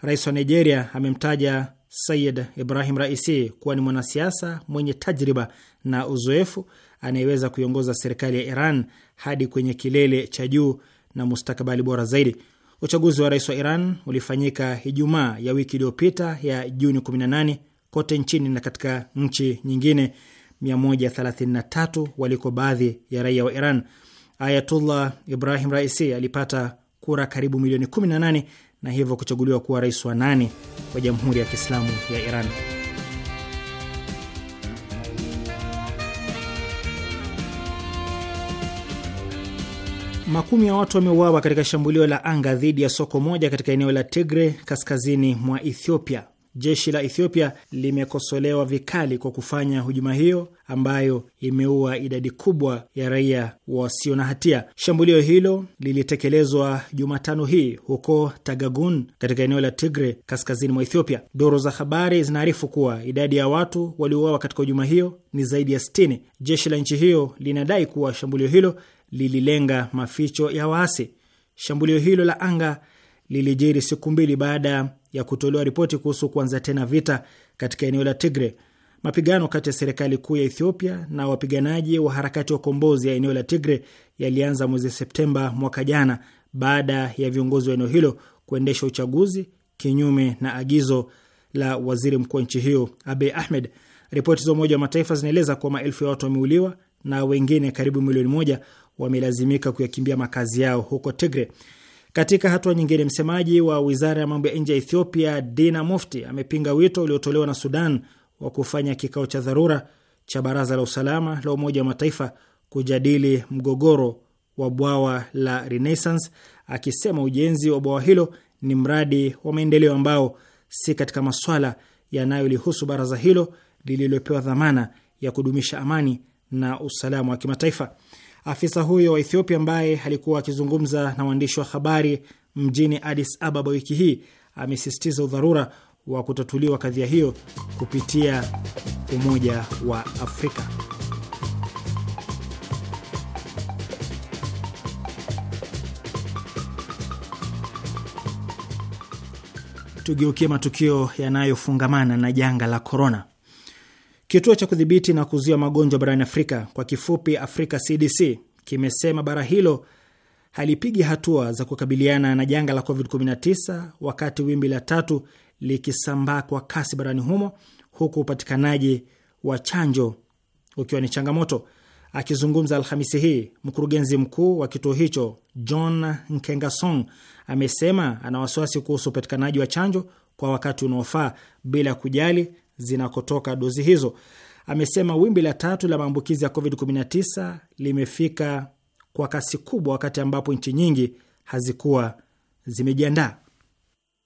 Rais wa Nigeria amemtaja Sayid Ibrahim Raisi kuwa ni mwanasiasa mwenye tajriba na uzoefu anayeweza kuiongoza serikali ya Iran hadi kwenye kilele cha juu na mustakabali bora zaidi. Uchaguzi wa rais wa Iran ulifanyika Ijumaa ya wiki iliyopita ya Juni 18 kote nchini na katika nchi nyingine 133 waliko baadhi ya raia wa Iran. Ayatullah Ibrahim Raisi alipata kura karibu milioni 18 na hivyo kuchaguliwa kuwa rais wa nane wa Jamhuri ya Kiislamu ya Iran. Makumi ya watu wameuawa katika shambulio la anga dhidi ya soko moja katika eneo la Tigre kaskazini mwa Ethiopia jeshi la Ethiopia limekosolewa vikali kwa kufanya hujuma hiyo ambayo imeua idadi kubwa ya raia wasio na hatia. Shambulio hilo lilitekelezwa Jumatano hii huko Tagagun katika eneo la Tigre kaskazini mwa Ethiopia. Doro za habari zinaarifu kuwa idadi ya watu waliouawa katika hujuma hiyo ni zaidi ya 60. Jeshi la nchi hiyo linadai kuwa shambulio hilo lililenga maficho ya waasi. Shambulio hilo la anga lilijiri siku mbili baada ya kutolewa ripoti kuhusu kuanza tena vita katika eneo la Tigre. Mapigano kati ya serikali kuu ya Ethiopia na wapiganaji wa harakati ya ukombozi ya eneo la Tigre yalianza mwezi Septemba mwaka jana baada ya viongozi wa eneo hilo kuendesha uchaguzi kinyume na agizo la waziri mkuu wa nchi hiyo Abiy Ahmed. Ripoti za Umoja wa Mataifa zinaeleza kuwa maelfu ya watu wameuliwa na wengine karibu milioni moja wamelazimika kuyakimbia makazi yao huko Tigre. Katika hatua nyingine, msemaji wa wizara ya mambo ya nje ya Ethiopia Dina Mufti amepinga wito uliotolewa na Sudan wa kufanya kikao cha dharura cha Baraza la Usalama la Umoja wa Mataifa kujadili mgogoro wa bwawa la Renaissance, akisema ujenzi wa bwawa hilo ni mradi wa maendeleo ambao si katika maswala yanayolihusu baraza hilo lililopewa dhamana ya kudumisha amani na usalama wa kimataifa. Afisa huyo wa Ethiopia ambaye alikuwa akizungumza na waandishi wa habari mjini Addis Ababa wiki hii amesisitiza udharura wa kutatuliwa kadhia hiyo kupitia Umoja wa Afrika. Tugeukie matukio yanayofungamana na janga la korona. Kituo cha kudhibiti na kuzuia magonjwa barani Afrika, kwa kifupi Afrika CDC, kimesema bara hilo halipigi hatua za kukabiliana na janga la COVID-19 wakati wimbi la tatu likisambaa kwa kasi barani humo, huku upatikanaji wa chanjo ukiwa ni changamoto. Akizungumza Alhamisi hii, mkurugenzi mkuu wa kituo hicho John Nkengasong amesema ana wasiwasi kuhusu upatikanaji wa chanjo kwa wakati unaofaa bila kujali zinakotoka dozi hizo. Amesema wimbi la tatu la maambukizi ya COVID-19 limefika kwa kasi kubwa wakati ambapo nchi nyingi hazikuwa zimejiandaa.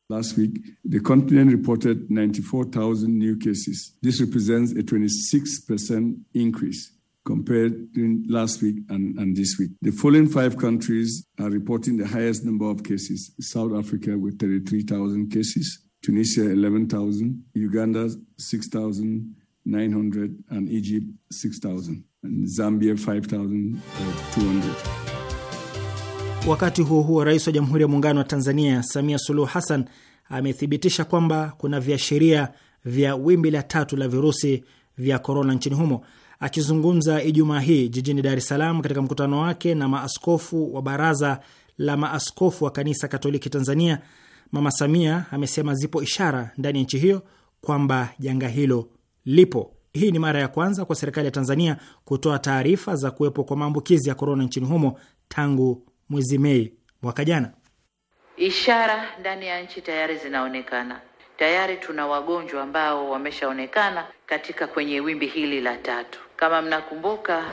Last week, the continent reported 94,000 new cases. This represents a 26% increase compared to last week and, and this week. The following five countries are reporting the highest number of cases. South Africa with 33,000 cases. Tunisia 11,000, Uganda 6,900, and Egypt 6,000, and Zambia 5,200. Uh, Wakati huo huo, rais wa Jamhuri ya Muungano wa Tanzania Samia Suluhu Hassan amethibitisha kwamba kuna viashiria vya wimbi la tatu la virusi vya korona nchini humo. Akizungumza Ijumaa hii jijini Dar es Salaam katika mkutano wake na maaskofu wa Baraza la Maaskofu wa Kanisa Katoliki Tanzania, Mama Samia amesema zipo ishara ndani ya nchi hiyo kwamba janga hilo lipo. Hii ni mara ya kwanza kwa serikali ya Tanzania kutoa taarifa za kuwepo kwa maambukizi ya korona nchini humo tangu mwezi Mei mwaka jana. Ishara ndani ya nchi tayari zinaonekana, tayari tuna wagonjwa ambao wameshaonekana katika kwenye wimbi hili la tatu. Kama mnakumbuka,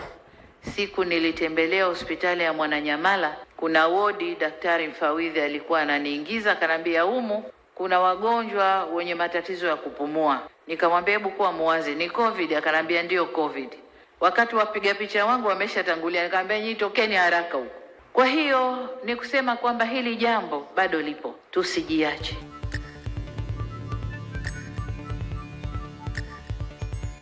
siku nilitembelea hospitali ya Mwananyamala kuna wodi, daktari mfawidhi alikuwa ananiingiza akaniambia, humu kuna wagonjwa wenye matatizo ya kupumua. Nikamwambia, hebu kuwa muwazi, ni covid? Akanambia ndio covid. Wakati wapiga picha wangu wameshatangulia, nikamwambia nyinyi tokeni haraka huko. Kwa hiyo ni kusema kwamba hili jambo bado lipo, tusijiache.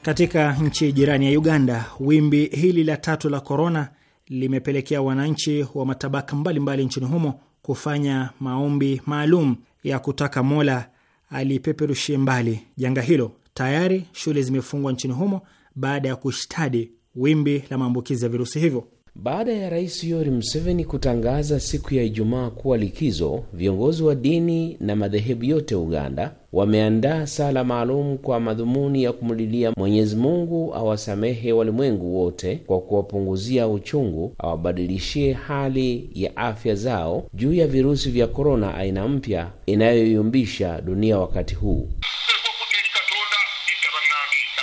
Katika nchi jirani ya Uganda, wimbi hili la tatu la korona limepelekea wananchi wa matabaka mbalimbali mbali nchini humo kufanya maombi maalum ya kutaka Mola alipeperushie mbali janga hilo. Tayari shule zimefungwa nchini humo baada ya kushtadi wimbi la maambukizi ya virusi hivyo. Baada ya Rais Yoweri Museveni kutangaza siku ya Ijumaa kuwa likizo, viongozi wa dini na madhehebu yote Uganda wameandaa sala maalum kwa madhumuni ya kumlilia Mwenyezi Mungu awasamehe walimwengu wote kwa kuwapunguzia uchungu, awabadilishie hali ya afya zao juu ya virusi vya korona aina mpya inayoyumbisha dunia wakati huu.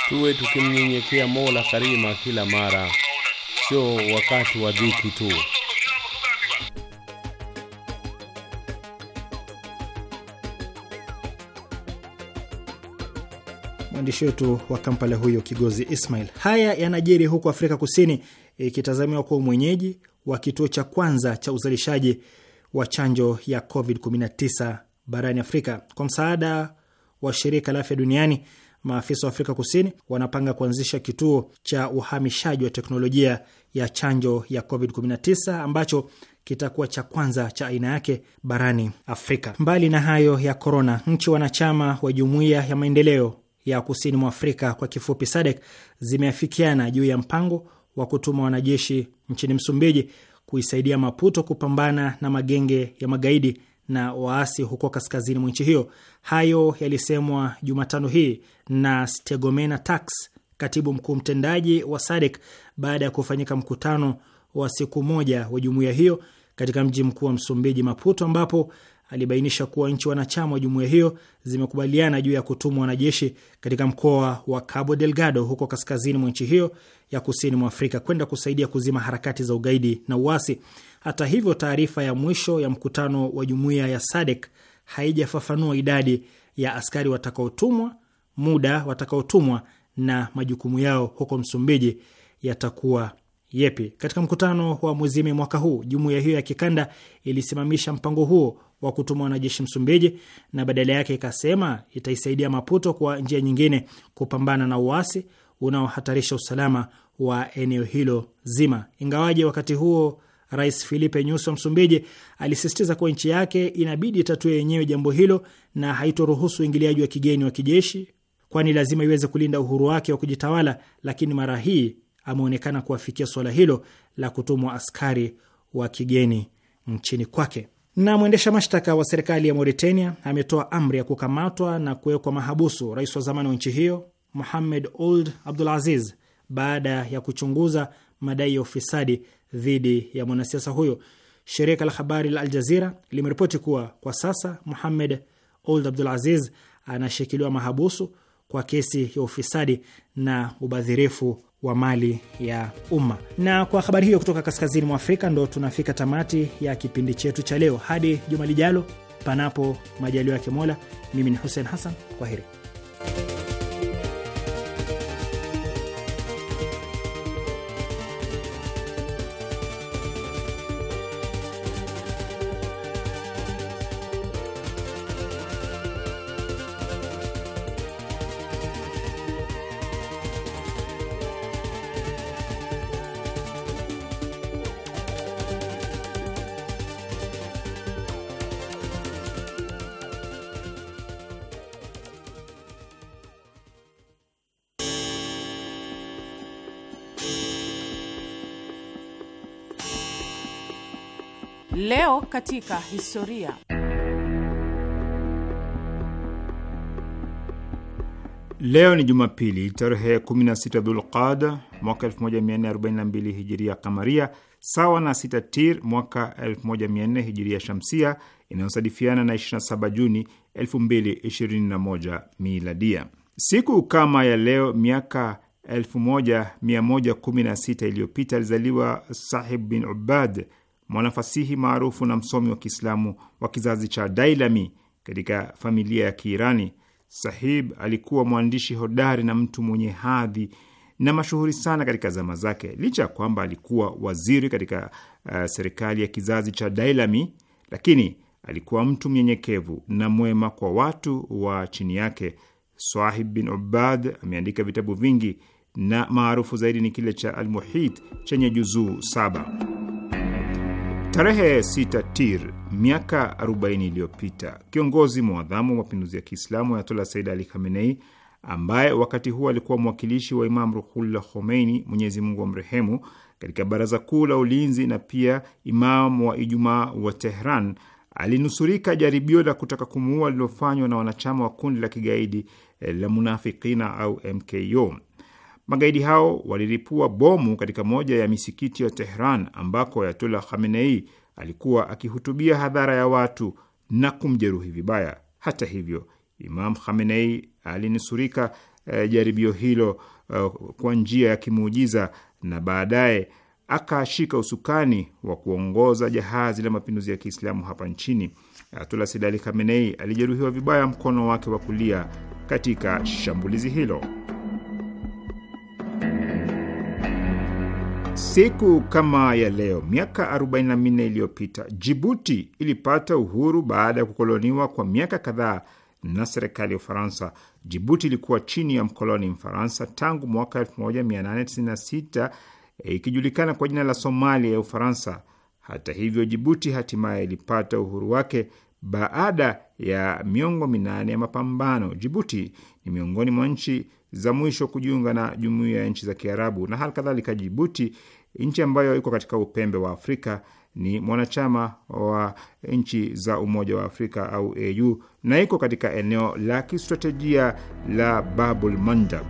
Tuwe tukimnyenyekea Mola Karima kila mara, sio wakati wa dhiki tu. mwandishi wetu wa Kampala huyo Kigozi Ismail. Haya yanajiri huku Afrika Kusini ikitazamiwa kuwa mwenyeji wa kituo cha kwanza cha uzalishaji wa chanjo ya COVID-19 barani Afrika kwa msaada wa shirika la afya duniani. Maafisa wa Afrika Kusini wanapanga kuanzisha kituo cha uhamishaji wa teknolojia ya chanjo ya COVID-19 ambacho kitakuwa cha kwanza cha aina yake barani Afrika. Mbali na hayo ya korona, nchi wanachama wa jumuiya ya maendeleo ya kusini mwa Afrika kwa kifupi SADC zimeafikiana juu ya mpango wa kutuma wanajeshi nchini Msumbiji kuisaidia Maputo kupambana na magenge ya magaidi na waasi huko kaskazini mwa nchi hiyo. Hayo yalisemwa Jumatano hii na Stegomena Tax, katibu mkuu mtendaji wa SADC baada ya kufanyika mkutano wa siku moja wa jumuiya hiyo katika mji mkuu wa Msumbiji, Maputo, ambapo alibainisha kuwa nchi wanachama wa jumuiya hiyo zimekubaliana juu ya kutumwa wanajeshi katika mkoa wa Cabo Delgado huko kaskazini mwa nchi hiyo ya kusini mwa Afrika kwenda kusaidia kuzima harakati za ugaidi na uasi. Hata hivyo, taarifa ya mwisho ya mkutano wa jumuiya ya SADC haijafafanua idadi ya askari watakaotumwa, muda watakaotumwa na majukumu yao huko Msumbiji yatakuwa Yepi. Katika mkutano wa mwezi Mei mwaka huu, jumuiya hiyo ya kikanda ilisimamisha mpango huo wa kutuma wanajeshi Msumbiji na badala yake ikasema itaisaidia Maputo kwa njia nyingine kupambana na uasi unaohatarisha usalama wa eneo hilo zima. Ingawaje wakati huo Rais Filipe Nyusi wa Msumbiji alisisitiza kuwa nchi yake inabidi itatue yenyewe jambo hilo na haitoruhusu uingiliaji wa kigeni wa kijeshi, kwani lazima iweze kulinda uhuru wake wa kujitawala, lakini mara hii ameonekana kuwafikia suala hilo la kutumwa askari wa kigeni nchini kwake. Na mwendesha mashtaka wa serikali ya Mauritania ametoa amri ya kukamatwa na kuwekwa mahabusu rais wa zamani wa nchi hiyo Mohamed Ould aziz baada ya kuchunguza madai ya ufisadi dhidi ya mwanasiasa huyo. Shirika la habari la Al Jazira limeripoti kuwa kwa sasa Mohamed Ould Aziz anashikiliwa mahabusu kwa kesi ya ufisadi na ubadhirifu wa mali ya umma. Na kwa habari hiyo kutoka kaskazini mwa Afrika, ndo tunafika tamati ya kipindi chetu cha leo. Hadi juma lijalo, panapo majalio yake Mola, mimi ni Hussein Hassan, heri Leo katika historia. Leo ni Jumapili tarehe 16 Dhulqada mwaka 1442 hijiria kamaria, sawa na 6 Tir mwaka 1400 hijiria shamsia, inayosadifiana na 27 Juni 2021 miladia. Siku kama ya leo miaka 1116 iliyopita alizaliwa Sahib bin Ubad mwanafasihi maarufu na msomi wa Kiislamu wa kizazi cha Dailami katika familia ya Kiirani. Sahib alikuwa mwandishi hodari na mtu mwenye hadhi na mashuhuri sana katika zama zake. Licha ya kwamba alikuwa waziri katika uh, serikali ya kizazi cha Dailami, lakini alikuwa mtu mnyenyekevu na mwema kwa watu wa chini yake. Swahib bin Ubad ameandika vitabu vingi na maarufu zaidi ni kile cha Almuhit chenye juzuu saba. Tarehe 6 Tir miaka 40 iliyopita, kiongozi mwadhamu wa mapinduzi ya Kiislamu Ayatollah Said Ali Khamenei, ambaye wakati huo alikuwa mwakilishi wa Imam Ruhullah Khomeini, Mwenyezi Mungu amrehemu, katika Baraza Kuu la Ulinzi na pia imam wa Ijumaa wa Tehran, alinusurika jaribio la kutaka kumuua lililofanywa na wanachama wa kundi la kigaidi eh, la Munafikina au MKO. Magaidi hao waliripua bomu katika moja ya misikiti ya Tehran ambako Ayatullah Khamenei alikuwa akihutubia hadhara ya watu na kumjeruhi vibaya. Hata hivyo, Imam Khamenei alinusurika eh, jaribio hilo eh, kwa njia ya kimuujiza na baadaye akashika usukani wa kuongoza jahazi la mapinduzi ya Kiislamu hapa nchini. Ayatullah Said Ali Khamenei alijeruhiwa vibaya mkono wake wa kulia katika shambulizi hilo. Siku kama ya leo miaka 44 iliyopita Jibuti ilipata uhuru baada ya kukoloniwa kwa miaka kadhaa na serikali ya Ufaransa. Jibuti ilikuwa chini ya mkoloni Mfaransa tangu mwaka 1896 eh, ikijulikana kwa jina la Somalia ya Ufaransa. Hata hivyo, Jibuti hatimaye ilipata uhuru wake baada ya miongo minane ya mapambano. Jibuti ni miongoni mwa nchi za mwisho kujiunga na jumuiya ya nchi za Kiarabu, na hali kadhalika Jibuti, nchi ambayo iko katika upembe wa Afrika, ni mwanachama wa nchi za Umoja wa Afrika au AU na iko katika eneo la kistratejia la Babul Mandab.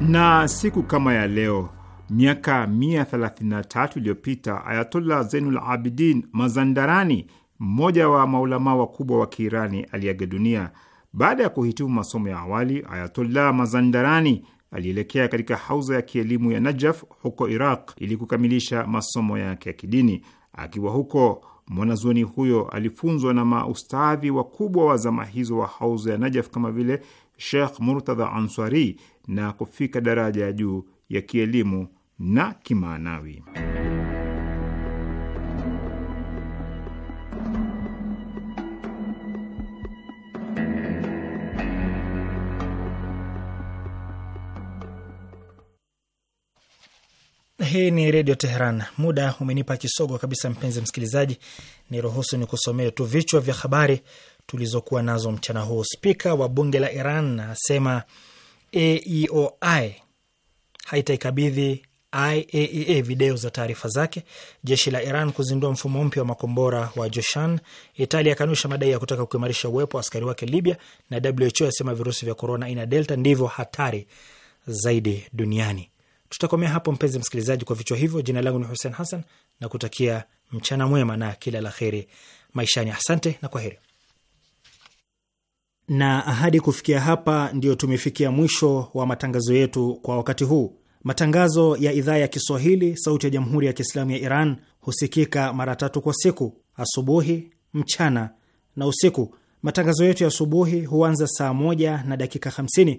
Na siku kama ya leo miaka 133 iliyopita Ayatullah Zeinul Abidin Mazandarani mmoja wa maulama wakubwa wa Kiirani aliaga dunia. Baada ya kuhitimu masomo ya awali, Ayatollah Mazandarani alielekea katika hauza ya kielimu ya Najaf huko Iraq ili kukamilisha masomo yake ya kidini. Akiwa huko, mwanazuoni huyo alifunzwa na maustadhi wakubwa wa zama hizo wa hauza ya Najaf kama vile Sheikh Murtadha Answari na kufika daraja ya juu ya kielimu na kimaanawi. Hii ni Redio Teheran. Muda umenipa kisogo kabisa, mpenzi msikilizaji, niruhusu ni kusomee tu vichwa vya habari tulizokuwa nazo mchana huu. Spika wa bunge la Iran asema AEOI haitaikabidhi IAEA e video za taarifa zake. Jeshi la Iran kuzindua mfumo mpya wa makombora wa Joshan. Italia akanusha madai ya kutaka kuimarisha uwepo wa askari wake Libya, na WHO asema virusi vya korona aina delta ndivyo hatari zaidi duniani. Tutakomea hapo mpenzi msikilizaji, kwa vichwa hivyo. Jina langu ni Hussein Hassan na kutakia mchana mwema na kila la kheri maishani. Asante na kwa heri. Na ahadi kufikia hapa, ndiyo tumefikia mwisho wa matangazo yetu kwa wakati huu. Matangazo ya idhaa ya Kiswahili sauti ya jamhuri ya Kiislamu ya Iran husikika mara tatu kwa siku: asubuhi, mchana na usiku. Matangazo yetu ya asubuhi huanza saa moja na dakika 50